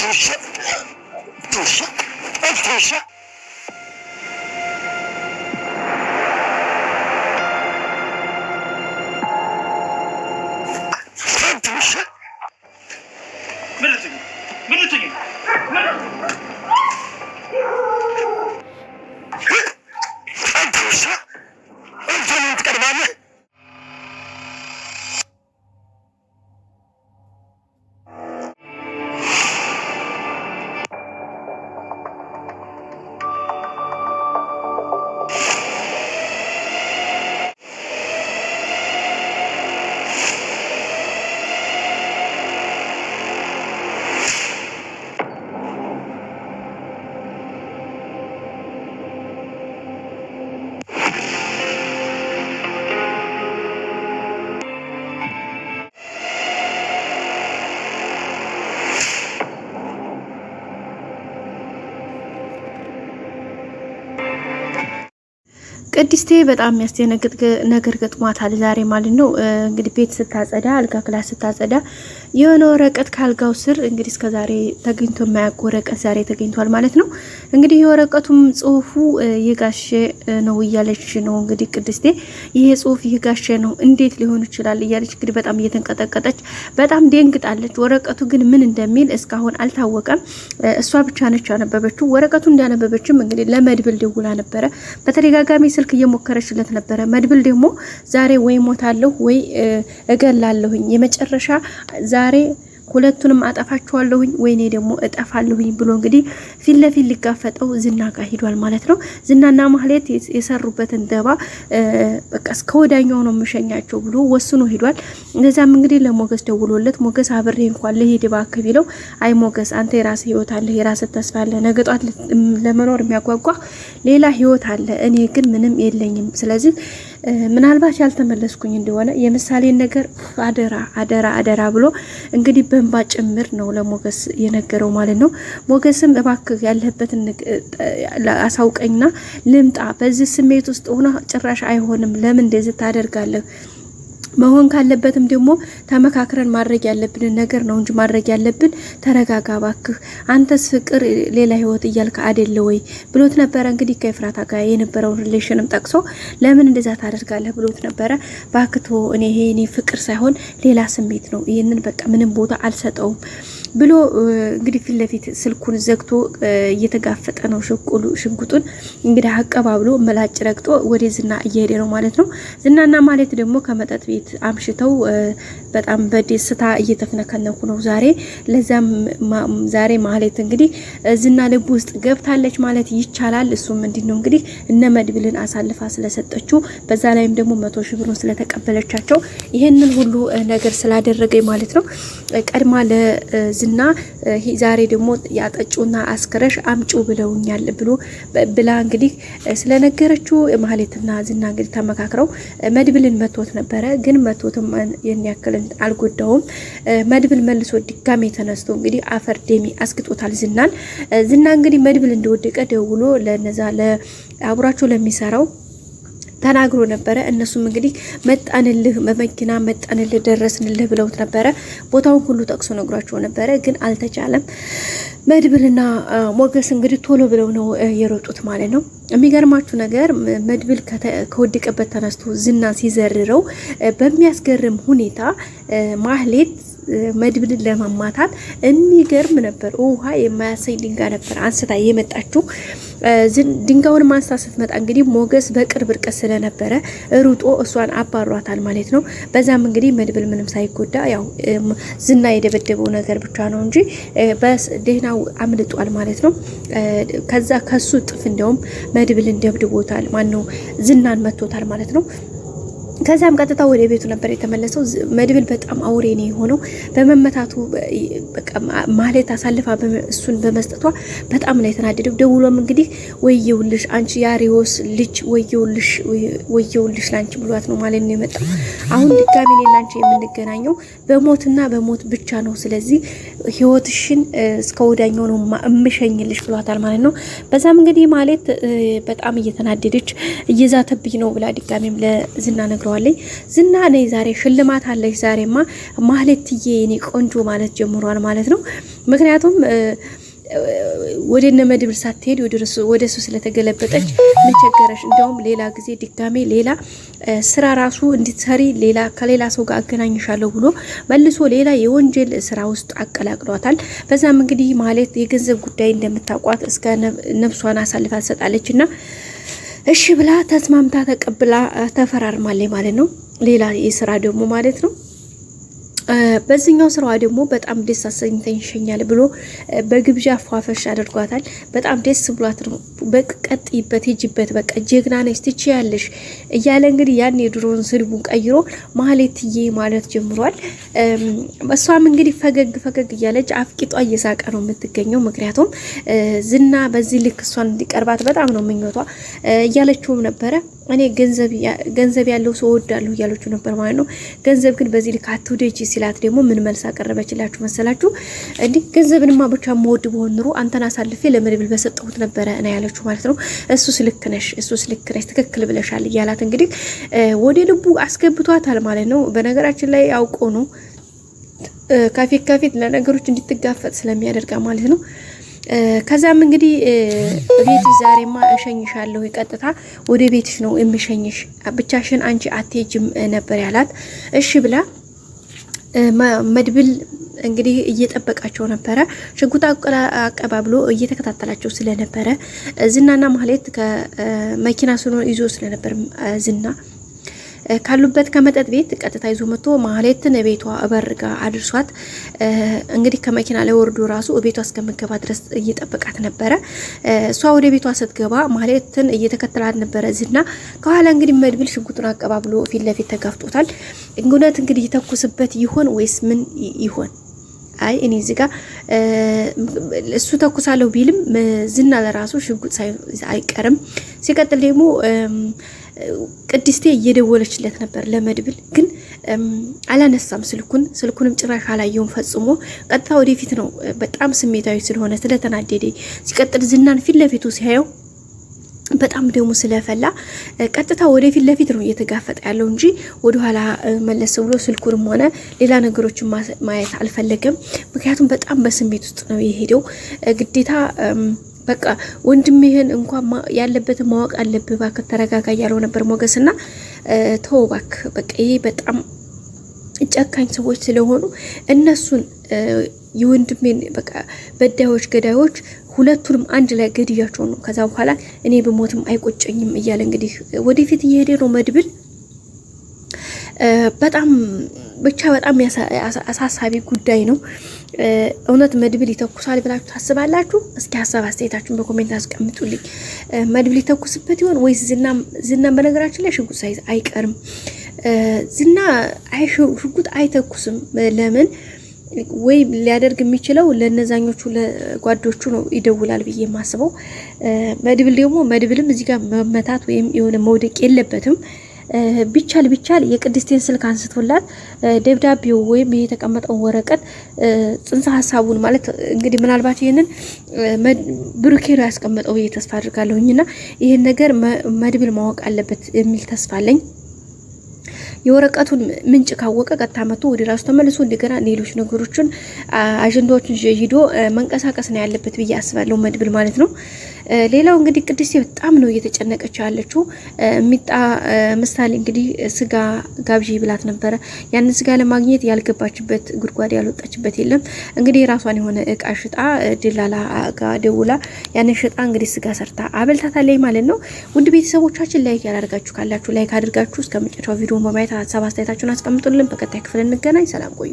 Otursun. Otursun. Otursun. Otursun. ቅድስቴ በጣም የሚያስደነግጥ ነገር ገጥሟታል ዛሬ ማለት ነው። እንግዲህ ቤት ስታጸዳ፣ አልጋ ክላስ ስታጸዳ የሆነ ወረቀት ካልጋው ስር እንግዲህ ዛሬ ተገኝቶ የማያውቅ ወረቀት ዛሬ ተገኝቷል ማለት ነው። እንግዲህ የወረቀቱም ጽሁፉ የጋሼ ነው እያለች ነው እንግዲህ ቅድስቴ። ይሄ ጽሁፍ የጋሼ ነው እንዴት ሊሆን ይችላል እያለች እንግዲህ በጣም እየተንቀጠቀጠች በጣም ደንግጣለች። ወረቀቱ ግን ምን እንደሚል እስካሁን አልታወቀም። እሷ ብቻ ነች ያነበበችው። ወረቀቱ እንዳነበበችም እንግዲህ ለመድብል ደውላ ነበረ በተደጋጋሚ ስልክ ስልክ እየሞከረችለት ነበረ። መድብል ደግሞ ዛሬ ወይ ሞታለሁ ወይ እገላለሁኝ የመጨረሻ ዛሬ ሁለቱንም አጠፋችኋለሁኝ ወይኔ ደግሞ እጠፋለሁኝ ብሎ እንግዲህ ፊት ለፊት ሊጋፈጠው ዝና ጋር ሂዷል ማለት ነው። ዝናና ማህሌት የሰሩበትን ደባ በቃ እስከ ወዳኛው ነው የምሸኛቸው ብሎ ወስኖ ሂዷል። እነዚያም እንግዲህ ለሞገስ ደውሎለት ሞገስ አብሬ እንኳን ልሄድ እባክህ ቢለው አይ ሞገስ አንተ የራስ ህይወት አለ፣ የራስ ተስፋ አለ፣ ነገ ጧት ለመኖር የሚያጓጓ ሌላ ህይወት አለ፣ እኔ ግን ምንም የለኝም ስለዚህ ምናልባት ያልተመለስኩኝ እንደሆነ የምሳሌን ነገር አደራ አደራ አደራ ብሎ እንግዲህ በእንባ ጭምር ነው ለሞገስ የነገረው ማለት ነው። ሞገስም እባክህ ያለበትን አሳውቀኝና ልምጣ። በዚህ ስሜት ውስጥ ሆና ጭራሽ አይሆንም፣ ለምን እንደዚህ ታደርጋለህ? መሆን ካለበትም ደግሞ ተመካክረን ማድረግ ያለብንን ነገር ነው እንጂ ማድረግ ያለብን። ተረጋጋ ባክህ፣ አንተስ ፍቅር ሌላ ህይወት እያልክ አደለ ወይ ብሎት ነበረ። እንግዲህ ከኤፍራታ ጋር የነበረውን ሪሌሽንም ጠቅሶ ለምን እንደዛ ታደርጋለህ ብሎት ነበረ። ባክቶ እኔ ይሄ ፍቅር ሳይሆን ሌላ ስሜት ነው፣ ይህንን በቃ ምንም ቦታ አልሰጠውም ብሎ እንግዲህ ፊት ለፊት ስልኩን ዘግቶ እየተጋፈጠ ነው ሽጉጡን እንግዲህ አቀባብሎ መላጭ ረግጦ ወደ ዝና እየሄደ ነው ማለት ነው። ዝናና ማለት ደግሞ ከመጠጥ ቤት አምሽተው በጣም በደስታ እየተፍነከነኩ ነው ዛሬ። ለዛም ዛሬ ማለት እንግዲህ ዝና ልብ ውስጥ ገብታለች ማለት ይቻላል። እሱም ምንድን ነው እንግዲህ እነ መድብልን አሳልፋ ስለሰጠችው በዛ ላይም ደግሞ መቶ ሺህ ብሩን ስለተቀበለቻቸው ይህንን ሁሉ ነገር ስላደረገ ማለት ነው ቀድማ ለ ዝና ዛሬ ደግሞ ያጠጩና አስክረሽ አምጩ ብለውኛል ብሎ ብላ እንግዲህ ስለነገረችው ማህሌትና ዝና እንግዲህ ተመካክረው መድብልን መቶት ነበረ። ግን መቶትም የሚያክልን አልጎዳውም። መድብል መልሶ ድጋሜ ተነስቶ እንግዲህ አፈር ደሚ አስግጦታል ዝናን። ዝና እንግዲህ መድብል እንደወደቀ ደውሎ ለነዛ ለአቡራቸው ለሚሰራው ተናግሮ ነበረ። እነሱም እንግዲህ መጣንልህ፣ በመኪና መጣንልህ፣ ደረስንልህ ብለውት ነበረ። ቦታውን ሁሉ ጠቅሶ ነግሯቸው ነበረ፣ ግን አልተቻለም። መድብልና ሞገስ እንግዲህ ቶሎ ብለው ነው የሮጡት ማለት ነው። የሚገርማችሁ ነገር መድብል ከወደቀበት ተነስቶ ዝና ሲዘርረው በሚያስገርም ሁኔታ ማህሌት መድብልን ለማማታት የሚገርም ነበር። ውሃ የማያሰኝ ድንጋይ ነበር አንስታ የመጣችው። ድንጋዩን ማንስታ ስትመጣ እንግዲህ ሞገስ በቅርብ ርቀት ስለነበረ ሩጦ እሷን አባሯታል ማለት ነው። በዛም እንግዲህ መድብል ምንም ሳይጎዳ ያው ዝና የደበደበው ነገር ብቻ ነው እንጂ ደህናው አምልጧል ማለት ነው። ከዛ ከሱ ጥፍ እንደውም መድብልን ደብድቦታል። ማነው ዝናን መቶታል ማለት ነው። ከዚያም ቀጥታ ወደ ቤቱ ነበር የተመለሰው። መድብል በጣም አውሬ ነው የሆነው በመመታቱ ማለት አሳልፋ እሱን በመስጠቷ በጣም ነው የተናደደው። ደውሎም እንግዲህ ወየውልሽ አንቺ ያሪዎስ ልጅ ወየውልሽ፣ ወየውልሽ ላንቺ ብሏት ነው ማለት ነው የመጣው። አሁን ድጋሚ እኔ ላንቺ የምንገናኘው በሞትና በሞት ብቻ ነው። ስለዚህ ህይወትሽን እስከ ወዳኛው ነው እምሸኝልሽ ብሏታል ማለት ነው። በዛም እንግዲህ ማለት በጣም እየተናደደች እየዛተብኝ ነው ብላ ድጋሚም ለዝና ነግሯል። ብላቸዋለኝ። ዝና ነኝ ዛሬ ሽልማት አለሽ። ዛሬማ ማህሌትዬ የኔ ቆንጆ ማለት ጀምሯል ማለት ነው። ምክንያቱም ወደ እነ መድብል ሳትሄድ ወደ እሱ ስለተገለበጠች መቸገረሽ። እንደውም ሌላ ጊዜ ድጋሜ ሌላ ስራ ራሱ እንድትሰሪ ሌላ ከሌላ ሰው ጋር አገናኝሻለሁ ብሎ መልሶ ሌላ የወንጀል ስራ ውስጥ አቀላቅሏታል። በዛም እንግዲህ ማለት የገንዘብ ጉዳይ እንደምታውቋት እስከ ነፍሷን አሳልፋ ትሰጣለች እና እሺ ብላ ተስማምታ ተቀብላ ተፈራርማለች ማለት ነው። ሌላ የስራ ደግሞ ማለት ነው በዚህኛው ስራዋ ደግሞ በጣም ደስ አሰኝተኝ ይሸኛል ብሎ በግብዣ ፏፈሽ አድርጓታል። በጣም ደስ ብሏት ነው በቀጥይበት ሂጅበት፣ በቃ ጀግና ነች ትችያለሽ እያለ እንግዲህ ያን የድሮውን ስድቡን ቀይሮ ማህሌትዬ ማለት ጀምሯል። እሷም እንግዲህ ፈገግ ፈገግ እያለች አፍቂጧ እየሳቀ ነው የምትገኘው። ምክንያቱም ዝና በዚህ ልክ እሷን እንዲቀርባት በጣም ነው ምኞቷ። እያለችውም ነበረ እኔ ገንዘብ ያለው ሰው ወዳለሁ እያለችው ነበር ማለት ነው። ገንዘብ ግን በዚህ ልክ አትውደጂ ሲላት ደግሞ ምን መልስ አቀረበችላችሁ መሰላችሁ? እንዲህ ገንዘብንማ ብቻ መወድ በሆን ኑሮ አንተን አሳልፌ ለመድብል በሰጠሁት ነበረ እና ያለችሁ ማለት ነው። እሱስ ልክ ነሽ፣ እሱስ ልክ ነሽ፣ ትክክል ብለሻል እያላት እንግዲህ ወደ ልቡ አስገብቷታል ማለት ነው። በነገራችን ላይ አውቆ ነው ከፊት ከፊት ለነገሮች እንድትጋፈጥ ስለሚያደርጋ ማለት ነው። ከዛም እንግዲህ ቤት ዛሬማ እሸኝሻለሁ፣ ቀጥታ ወደ ቤትሽ ነው የምሸኝሽ፣ ብቻሽን አንቺ አትሄጂም ነበር ያላት። እሺ ብላ መድብል እንግዲህ እየጠበቃቸው ነበረ። ሽጉጥ አቀባብሎ እየተከታተላቸው ስለነበረ ዝናና ማህሌት ከመኪና ስኖ ይዞ ስለነበር ዝና ካሉበት ከመጠጥ ቤት ቀጥታ ይዞ መጥቶ ማህሌትን ቤቷ እበርጋ አድርሷት እንግዲህ ከመኪና ላይ ወርዶ ራሱ ቤቷ እስከምገባ ድረስ እየጠበቃት ነበረ። እሷ ወደ ቤቷ ስትገባ ማህሌትን እየተከተላት ነበረ ዝና። ከኋላ እንግዲህ መድብል ሽጉጡን አቀባብሎ ፊት ለፊት ተጋፍጦታል። እንግነት እንግዲህ የተኩስበት ይሆን ወይስ ምን ይሆን? አይ እኔ እዚህ ጋር እሱ ተኩሳለሁ ቢልም ዝና ለራሱ ሽጉጥ አይቀርም። ሲቀጥል ደግሞ ቅድስቴ እየደወለችለት ነበር ለመድብል፣ ግን አላነሳም ስልኩን። ስልኩንም ጭራሽ አላየውም ፈጽሞ። ቀጥታ ወደፊት ነው። በጣም ስሜታዊ ስለሆነ ስለተናደደ፣ ሲቀጥል ዝናን ፊት ለፊቱ ሲያየው በጣም ደግሞ ስለፈላ ቀጥታ ወደፊት ለፊት ነው እየተጋፈጠ ያለው እንጂ ወደኋላ መለስ ብሎ ስልኩንም ሆነ ሌላ ነገሮችን ማየት አልፈለገም። ምክንያቱም በጣም በስሜት ውስጥ ነው የሄደው ግዴታ በቃ ወንድምህን እንኳን ያለበትን ማወቅ አለብህ፣ እባክህ ተረጋጋ ያለው ነበር ሞገስና። ተው እባክህ በቃ ይሄ በጣም ጨካኝ ሰዎች ስለሆኑ እነሱን የወንድሜን በቃ በዳዮች፣ ገዳዮች ሁለቱንም አንድ ላይ ገድያቸው ነው። ከዛ በኋላ እኔ ብሞትም አይቆጨኝም እያለ እንግዲህ ወደፊት እየሄደ ነው መድብል በጣም ብቻ በጣም አሳሳቢ ጉዳይ ነው። እውነት መድብል ይተኩሳል ብላችሁ ታስባላችሁ? እስኪ ሀሳብ አስተያየታችሁን በኮሜንት አስቀምጡልኝ። መድብል ይተኩስበት ይሆን ወይስ ዝና በነገራችን ላይ ሽጉጥ ሳይዝ አይቀርም ዝና ሽጉጥ አይተኩስም። ለምን? ወይ ሊያደርግ የሚችለው ለነዛኞቹ ለጓዶቹ ነው ይደውላል ብዬ የማስበው። መድብል ደግሞ መድብልም እዚህ ጋር መመታት ወይም የሆነ መውደቅ የለበትም። ቢቻል ቢቻል የቅድስቴን ስልክ አንስቶላት ደብዳቤው ወይም የተቀመጠውን ወረቀት ጽንሰ ሀሳቡን ማለት እንግዲህ ምናልባት ይህንን ብሩኬሮ ያስቀመጠው ብዬ ተስፋ አድርጋለሁኝ ይህን ነገር መድብል ማወቅ አለበት የሚል ተስፋ አለኝ። የወረቀቱን ምንጭ ካወቀ ቀጥታ መቶ ወደ ራሱ ተመልሶ እንደገና ሌሎች ነገሮችን አጀንዳዎችን ሂዶ መንቀሳቀስ ነው ያለበት ብዬ አስባለሁ። መድብል ማለት ነው። ሌላው እንግዲህ ቅድስቴ በጣም ነው እየተጨነቀች ያለችው። ሚጣ ምሳሌ እንግዲህ ስጋ ጋብዢ ብላት ነበረ። ያንን ስጋ ለማግኘት ያልገባችበት ጉድጓድ ያልወጣችበት የለም። እንግዲህ ራሷን የሆነ እቃ ሽጣ ድላላ ጋ ደውላ ያንን ሽጣ እንግዲህ ስጋ ሰርታ አበልታታ ላይ ማለት ነው። ውድ ቤተሰቦቻችን ላይክ ያላደርጋችሁ ካላችሁ ላይክ አድርጋችሁ እስከ መጨረሻው በማየት አስተያየት፣ ሀሳብ አስተያየታችሁን አስቀምጡልን። በቀጣይ ክፍል እንገናኝ። ሰላም ቆዩ።